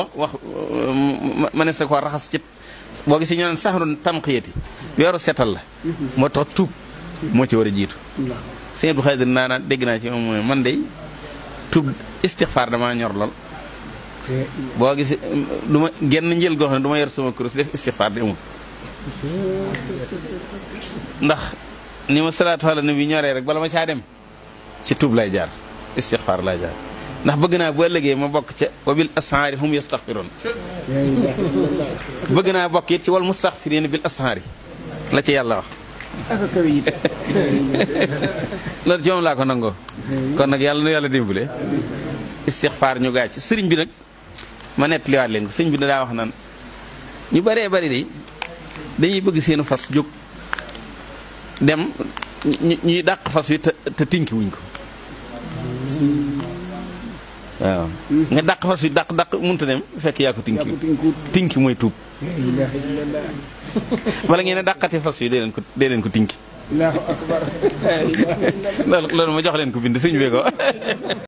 wax ma ne sa ko raxas ci boo gisee ñu naan saxarun tamxiyati weeru setal la moo tax tuub moo ci war a jiitu sëñ bu Xaadir naa naa dégg naa ci man de tuub istixfaar damaa ñor lool boo gisee du ma genn njël goo xam ne du yor sama kurus def istixfaar ndax ni ma salaatu ala nabi ñoree rek bala ma caa dem ci tuub lay jaar istixfaar lay jaar ndax bëgg naa bu ëllëgee ma bokk ca wabil ashaari hum yastaxfiroon bëgg naa bokk it ci wal mustaxfiriina bil ashaari la ci yàlla wax loolu ci moom laa ko nangoo kon nag yàlla na yàlla dimbale istixfaar ñu gaa ci sëriñ bi nag ma nett nettaliwaat leen ko sëriñ bi daa wax naan ñu baree bëri de dañuy bëgg seenu fas jóg dem ñuy dàq fas wi te tinkiwuñ ko waaw hmm. nga dàq fas wi dàq dàq mënta dem fekk yaa ko tinki tinki mooy tuub wala ngeen ne dàqati fas wi dee leen ko ko tinki loolu loolu ma jox leen ko bind suñu bee ko